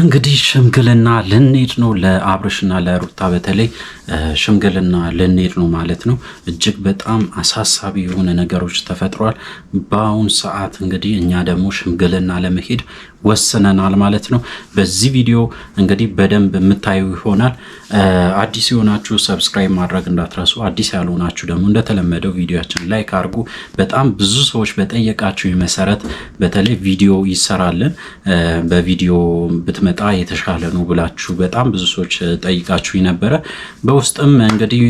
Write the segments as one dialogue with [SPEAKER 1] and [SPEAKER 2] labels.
[SPEAKER 1] እንግዲህ ሽምግልና ልንሄድ ነው። ለአብርሽና ለሩታ በተለይ ሽምግልና ልንሄድ ነው ማለት ነው። እጅግ በጣም አሳሳቢ የሆነ ነገሮች ተፈጥሯል። በአሁን ሰዓት እንግዲህ እኛ ደግሞ ሽምግልና ለመሄድ ወስነናል ማለት ነው። በዚህ ቪዲዮ እንግዲህ በደንብ የምታዩ ይሆናል። አዲስ የሆናችሁ ሰብስክራይብ ማድረግ እንዳትረሱ። አዲስ ያልሆናችሁ ደግሞ እንደተለመደው ቪዲዮችን ላይክ አድርጉ። በጣም ብዙ ሰዎች በጠየቃችሁ መሰረት በተለይ ቪዲዮ ይሰራልን በቪዲዮ ብትመጣ የተሻለ ነው ብላችሁ በጣም ብዙ ሰዎች ጠይቃችሁ ነበረ። በውስጥም እንግዲህ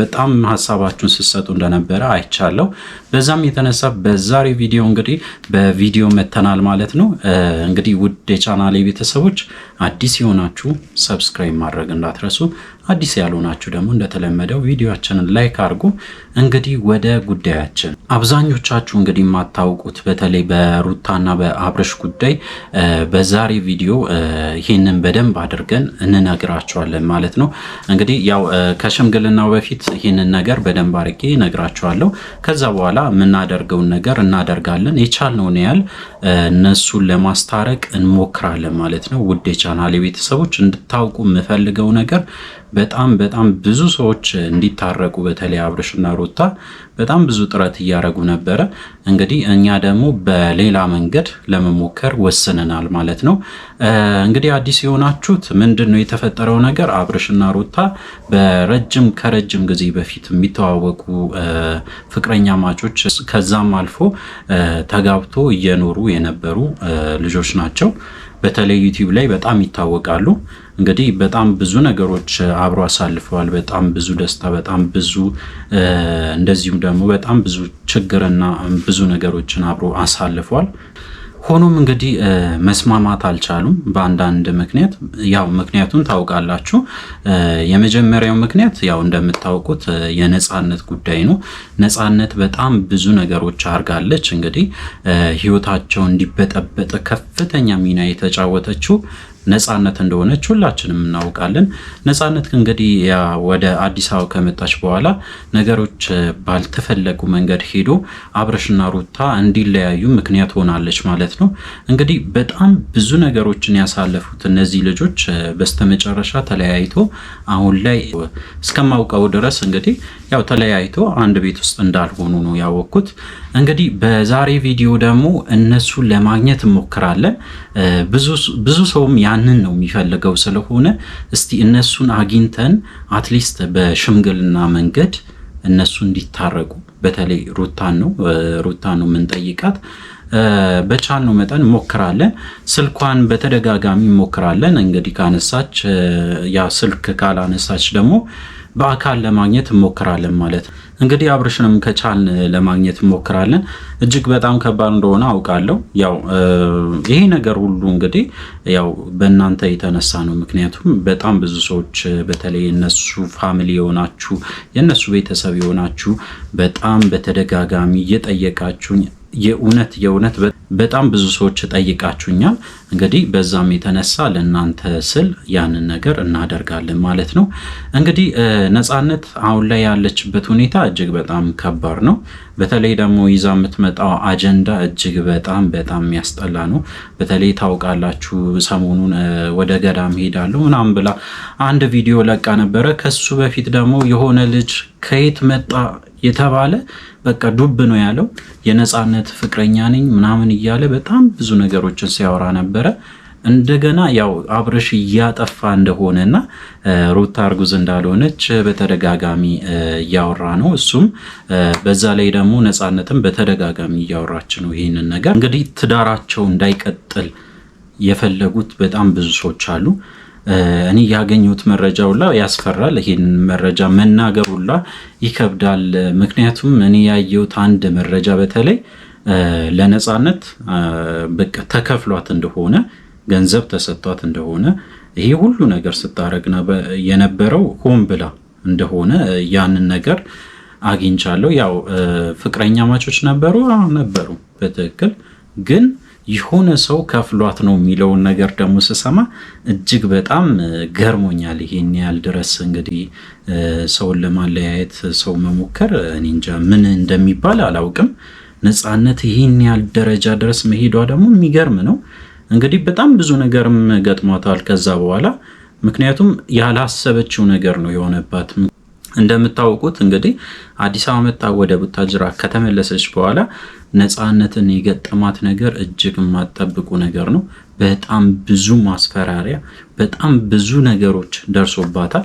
[SPEAKER 1] በጣም ሀሳባችሁን ስትሰጡ እንደነበረ አይቻለሁ። በዛም የተነሳ በዛሬ ቪዲዮ እንግዲህ በቪዲዮ መተናል ማለት ነው። እንግዲህ ውድ የቻናሌ ቤተሰቦች አዲስ የሆናችሁ ሰብስክራይብ ማድረግ እንዳትረሱ። አዲስ ያልሆናችሁ ደግሞ እንደተለመደው ቪዲዮችንን ላይክ አድርጉ። እንግዲህ ወደ ጉዳያችን አብዛኞቻችሁ እንግዲህ የማታውቁት በተለይ በሩታና በአብርሽ ጉዳይ በዛሬ ቪዲዮ ይህንን በደንብ አድርገን እንነግራችኋለን ማለት ነው። እንግዲህ ያው ከሽምግልናው በፊት ይህንን ነገር በደንብ አድርጌ እነግራቸዋለሁ። ከዛ በኋላ የምናደርገውን ነገር እናደርጋለን። የቻልነውን ያህል እነሱን ለማስታረቅ እንሞክራለን ማለት ነው። ውድ የቻናሌ ቤተሰቦች እንድታውቁ የምፈልገው ነገር በጣም በጣም ብዙ ሰዎች እንዲታረቁ በተለይ አብርሽና ሩታ በጣም ብዙ ጥረት እያደረጉ ነበረ። እንግዲህ እኛ ደግሞ በሌላ መንገድ ለመሞከር ወስነናል ማለት ነው። እንግዲህ አዲስ የሆናችሁት ምንድን ነው የተፈጠረው ነገር? አብርሽና ሩታ በረጅም ከረጅም ጊዜ በፊት የሚተዋወቁ ፍቅረኛ ማቾች ከዛም አልፎ ተጋብቶ እየኖሩ የነበሩ ልጆች ናቸው። በተለይ ዩቲዩብ ላይ በጣም ይታወቃሉ። እንግዲህ በጣም ብዙ ነገሮች አብሮ አሳልፈዋል። በጣም ብዙ ደስታ፣ በጣም ብዙ እንደዚሁም ደግሞ በጣም ብዙ ችግርና ብዙ ነገሮችን አብሮ አሳልፈዋል። ሆኖም እንግዲህ መስማማት አልቻሉም በአንዳንድ ምክንያት። ያው ምክንያቱን ታውቃላችሁ። የመጀመሪያው ምክንያት ያው እንደምታውቁት የነፃነት ጉዳይ ነው። ነፃነት በጣም ብዙ ነገሮች አድርጋለች። እንግዲህ ህይወታቸው እንዲበጠበጥ ከፍተኛ ሚና የተጫወተችው ነጻነት እንደሆነች ሁላችንም እናውቃለን። ነጻነት እንግዲህ ወደ አዲስ አበባ ከመጣች በኋላ ነገሮች ባልተፈለጉ መንገድ ሄዶ አብረሽና ሩታ እንዲለያዩ ምክንያት ሆናለች ማለት ነው። እንግዲህ በጣም ብዙ ነገሮችን ያሳለፉት እነዚህ ልጆች በስተመጨረሻ ተለያይቶ አሁን ላይ እስከማውቀው ድረስ እንግዲህ ያው ተለያይቶ አንድ ቤት ውስጥ እንዳልሆኑ ነው ያወቅኩት። እንግዲህ በዛሬ ቪዲዮ ደግሞ እነሱን ለማግኘት እንሞክራለን። ብዙ ሰውም ያንን ነው የሚፈልገው ስለሆነ እስቲ እነሱን አግኝተን አትሊስት በሽምግልና መንገድ እነሱ እንዲታረቁ በተለይ ሩታን ነው ሩታን ነው የምንጠይቃት። በቻልነው መጠን እንሞክራለን ስልኳን በተደጋጋሚ ሞክራለን። እንግዲህ ካነሳች ያ ስልክ ካላነሳች ደግሞ በአካል ለማግኘት እንሞክራለን ማለት እንግዲህ አብርሽንም ከቻልን ለማግኘት እንሞክራለን። እጅግ በጣም ከባድ እንደሆነ አውቃለሁ። ያው ይሄ ነገር ሁሉ እንግዲህ ያው በእናንተ የተነሳ ነው። ምክንያቱም በጣም ብዙ ሰዎች በተለይ የነሱ ፋሚሊ የሆናችሁ የነሱ ቤተሰብ የሆናችሁ በጣም በተደጋጋሚ እየጠየቃችሁኝ የእውነት የእውነት በጣም ብዙ ሰዎች ጠይቃችሁኛል። እንግዲህ በዛም የተነሳ ለእናንተ ስል ያንን ነገር እናደርጋለን ማለት ነው። እንግዲህ ነፃነት አሁን ላይ ያለችበት ሁኔታ እጅግ በጣም ከባድ ነው። በተለይ ደግሞ ይዛ የምትመጣው አጀንዳ እጅግ በጣም በጣም የሚያስጠላ ነው። በተለይ ታውቃላችሁ፣ ሰሞኑን ወደ ገዳም ሄዳለሁ ምናምን ብላ አንድ ቪዲዮ ለቃ ነበረ። ከሱ በፊት ደግሞ የሆነ ልጅ ከየት መጣ የተባለ በቃ ዱብ ነው ያለው። የነፃነት ፍቅረኛ ነኝ ምናምን እያለ በጣም ብዙ ነገሮችን ሲያወራ ነበረ። እንደገና ያው አብረሽ እያጠፋ እንደሆነ እና ሩታ እርጉዝ እንዳልሆነች በተደጋጋሚ እያወራ ነው። እሱም በዛ ላይ ደግሞ ነፃነትም በተደጋጋሚ እያወራች ነው። ይህንን ነገር እንግዲህ ትዳራቸው እንዳይቀጥል የፈለጉት በጣም ብዙ ሰዎች አሉ። እኔ ያገኘሁት መረጃ ሁላ ያስፈራል። ይሄን መረጃ መናገር ሁላ ይከብዳል። ምክንያቱም እኔ ያየሁት አንድ መረጃ በተለይ ለነፃነት በቃ ተከፍሏት እንደሆነ ገንዘብ ተሰጥቷት እንደሆነ ይሄ ሁሉ ነገር ስታረግ የነበረው ሆን ብላ እንደሆነ ያንን ነገር አግኝቻለሁ። ያው ፍቅረኛ ማቾች ነበሩ ነበሩ፣ በትክክል ግን የሆነ ሰው ከፍሏት ነው የሚለውን ነገር ደግሞ ስሰማ እጅግ በጣም ገርሞኛል። ይሄን ያህል ድረስ እንግዲህ ሰውን ለማለያየት ሰው መሞከር እኔ እንጃ ምን እንደሚባል አላውቅም። ነፃነት ይህን ያህል ደረጃ ድረስ መሄዷ ደግሞ የሚገርም ነው። እንግዲህ በጣም ብዙ ነገርም ገጥሟታል ከዛ በኋላ ምክንያቱም ያላሰበችው ነገር ነው የሆነባት። እንደምታውቁት እንግዲህ አዲስ አበባ መጣ ወደ ቡታጅራ ከተመለሰች በኋላ ነፃነትን የገጠማት ነገር እጅግ የማጠብቁ ነገር ነው። በጣም ብዙ ማስፈራሪያ፣ በጣም ብዙ ነገሮች ደርሶባታል።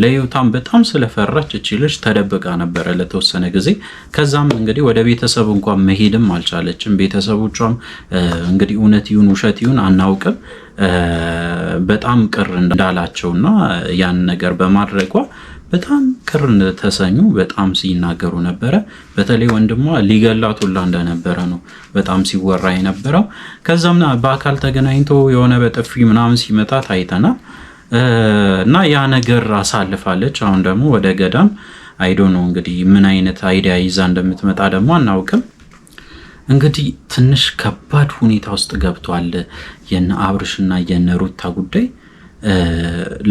[SPEAKER 1] ለህይወቷም በጣም ስለፈራች እቺ ልጅ ተደብቃ ነበረ ለተወሰነ ጊዜ። ከዛም እንግዲህ ወደ ቤተሰብ እንኳን መሄድም አልቻለችም። ቤተሰቦቿም እንግዲህ እውነት ይሁን ውሸት ይሁን አናውቅም በጣም ቅር እንዳላቸውና ያን ነገር በማድረጓ በጣም ቅር እንደተሰኙ በጣም ሲናገሩ ነበረ። በተለይ ወንድሟ ሊገላት ሁላ እንደነበረ ነው በጣም ሲወራ የነበረው። ከዛም በአካል ተገናኝቶ የሆነ በጥፊ ምናምን ሲመጣ ታይተናል እና ያ ነገር አሳልፋለች። አሁን ደግሞ ወደ ገዳም አይዶ ነው እንግዲህ ምን አይነት አይዲያ ይዛ እንደምትመጣ ደግሞ አናውቅም። እንግዲህ ትንሽ ከባድ ሁኔታ ውስጥ ገብቷል የነ አብርሽና የነ ሩታ ጉዳይ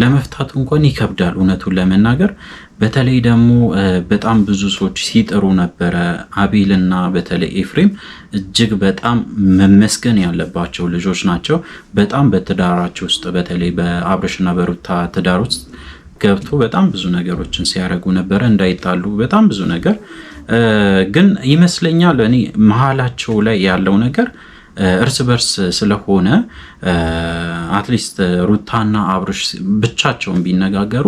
[SPEAKER 1] ለመፍታት እንኳን ይከብዳል እውነቱን ለመናገር። በተለይ ደግሞ በጣም ብዙ ሰዎች ሲጥሩ ነበረ። አቤልና በተለይ ኤፍሬም እጅግ በጣም መመስገን ያለባቸው ልጆች ናቸው። በጣም በትዳራቸው ውስጥ በተለይ በአብርሽና በሩታ ትዳር ውስጥ ገብቶ በጣም ብዙ ነገሮችን ሲያደርጉ ነበረ፣ እንዳይጣሉ በጣም ብዙ ነገር ግን ይመስለኛል እኔ መሀላቸው ላይ ያለው ነገር እርስ በርስ ስለሆነ አትሊስት ሩታና አብርሽ ብቻቸውን ቢነጋገሩ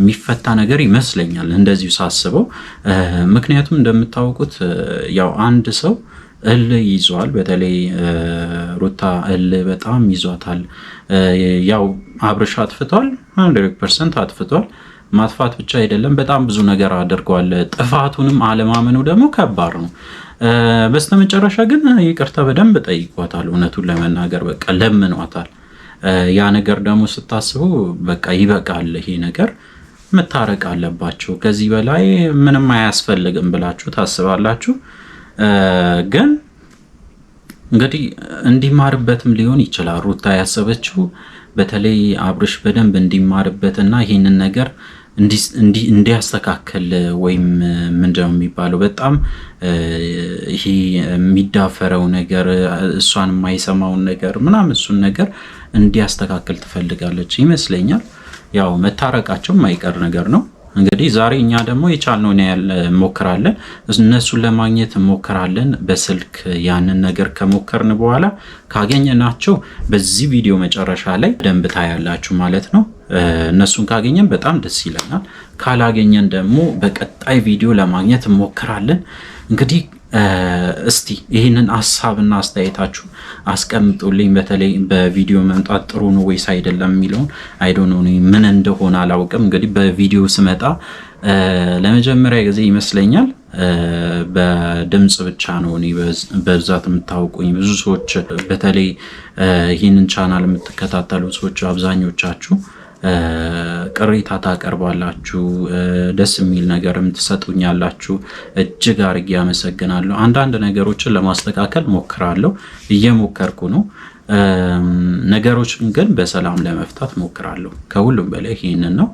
[SPEAKER 1] የሚፈታ ነገር ይመስለኛል፣ እንደዚሁ ሳስበው። ምክንያቱም እንደምታውቁት ያው አንድ ሰው እል ይዟል። በተለይ ሩታ እል በጣም ይዟታል። ያው አብርሽ አጥፍቷል፣ 100 ፐርሰንት አጥፍቷል። ማጥፋት ብቻ አይደለም፣ በጣም ብዙ ነገር አድርጓል። ጥፋቱንም አለማመኑ ደግሞ ከባድ ነው። በስተመጨረሻ ግን ይቅርታ በደንብ ጠይቋታል። እውነቱን ለመናገር በቃ ለምኗታል። ያ ነገር ደግሞ ስታስቡ በቃ ይበቃል፣ ይሄ ነገር መታረቅ አለባችሁ፣ ከዚህ በላይ ምንም አያስፈልግም ብላችሁ ታስባላችሁ። ግን እንግዲህ እንዲማርበትም ሊሆን ይችላል ሩታ ያሰበችው በተለይ አብርሽ በደንብ እንዲማርበትና ይህንን ነገር እንዲያስተካከል ወይም ምንድነው የሚባለው በጣም ይሄ የሚዳፈረው ነገር እሷን የማይሰማውን ነገር ምናምን እሱን ነገር እንዲያስተካክል ትፈልጋለች ይመስለኛል። ያው መታረቃቸው የማይቀር ነገር ነው። እንግዲህ ዛሬ እኛ ደግሞ የቻልነውን ያህል እንሞክራለን፣ እነሱን ለማግኘት እንሞክራለን። በስልክ ያንን ነገር ከሞከርን በኋላ ካገኘናቸው በዚህ ቪዲዮ መጨረሻ ላይ ደንብ ታያላችሁ ማለት ነው። እነሱን ካገኘን በጣም ደስ ይለናል። ካላገኘን ደግሞ በቀጣይ ቪዲዮ ለማግኘት እንሞክራለን። እንግዲህ እስቲ ይህንን ሀሳብና አስተያየታችሁ አስቀምጡልኝ። በተለይ በቪዲዮ መምጣት ጥሩ ነው ወይስ አይደለም የሚለውን አይዶን ምን እንደሆነ አላውቅም። እንግዲህ በቪዲዮ ስመጣ ለመጀመሪያ ጊዜ ይመስለኛል በድምፅ ብቻ ነው እኔ በብዛት የምታውቁኝ። ብዙ ሰዎች በተለይ ይህንን ቻናል የምትከታተሉ ሰዎች አብዛኞቻችሁ ቅሬታ ታቀርባላችሁ፣ ደስ የሚል ነገርም ትሰጡኛላችሁ። እጅግ አርጌ ያመሰግናለሁ። አንዳንድ ነገሮችን ለማስተካከል ሞክራለሁ፣ እየሞከርኩ ነው። ነገሮችን ግን በሰላም ለመፍታት ሞክራለሁ። ከሁሉም በላይ ይህንን ነው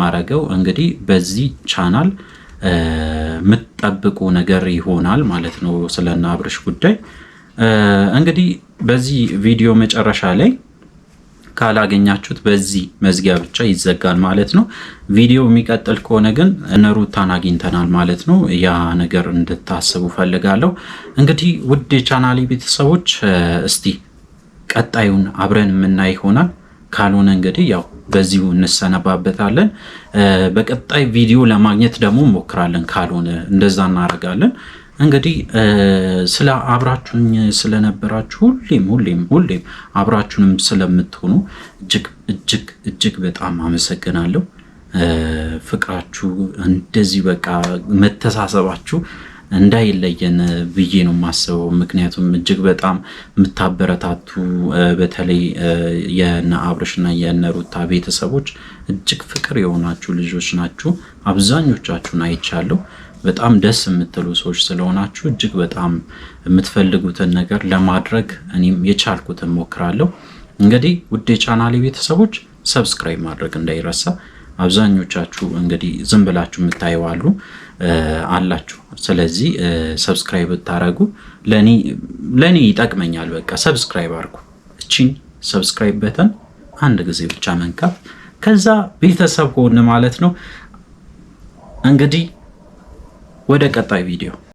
[SPEAKER 1] ማረገው። እንግዲህ በዚህ ቻናል የምትጠብቁ ነገር ይሆናል ማለት ነው። ስለናብርሽ አብርሽ ጉዳይ እንግዲህ በዚህ ቪዲዮ መጨረሻ ላይ ካላገኛችሁት በዚህ መዝጊያ ብቻ ይዘጋል ማለት ነው። ቪዲዮ የሚቀጥል ከሆነ ግን እነሩታን አግኝተናል ማለት ነው። ያ ነገር እንድታስቡ ፈልጋለሁ። እንግዲህ ውድ የቻናሌ ቤተሰቦች እስቲ ቀጣዩን አብረን የምናይ ይሆናል። ካልሆነ እንግዲህ ያው በዚሁ እንሰነባበታለን። በቀጣይ ቪዲዮ ለማግኘት ደግሞ እንሞክራለን። ካልሆነ እንደዛ እናደርጋለን። እንግዲህ ስለ አብራችሁኝ ስለነበራችሁ ሁሌም ሁሌም ሁሌም አብራችሁንም ስለምትሆኑ እጅግ እጅግ እጅግ በጣም አመሰግናለሁ። ፍቅራችሁ እንደዚህ በቃ መተሳሰባችሁ እንዳይለየን ብዬ ነው የማስበው። ምክንያቱም እጅግ በጣም የምታበረታቱ በተለይ የነ አብርሽና የነ ሩታ ቤተሰቦች እጅግ ፍቅር የሆናችሁ ልጆች ናችሁ። አብዛኞቻችሁን አይቻለሁ። በጣም ደስ የምትሉ ሰዎች ስለሆናችሁ እጅግ በጣም የምትፈልጉትን ነገር ለማድረግ እኔም የቻልኩትን ሞክራለሁ። እንግዲህ ውድ የቻናሌ ቤተሰቦች ሰብስክራይብ ማድረግ እንዳይረሳ። አብዛኞቻችሁ እንግዲህ ዝም ብላችሁ የምታየው አላችሁ። ስለዚህ ሰብስክራይብ ብታረጉ ለእኔ ይጠቅመኛል። በቃ ሰብስክራይብ አድርጉ። እቺን ሰብስክራይብ በተን አንድ ጊዜ ብቻ መንካት፣ ከዛ ቤተሰብ ሆን ማለት ነው እንግዲህ ወደ ቀጣይ ቪዲዮ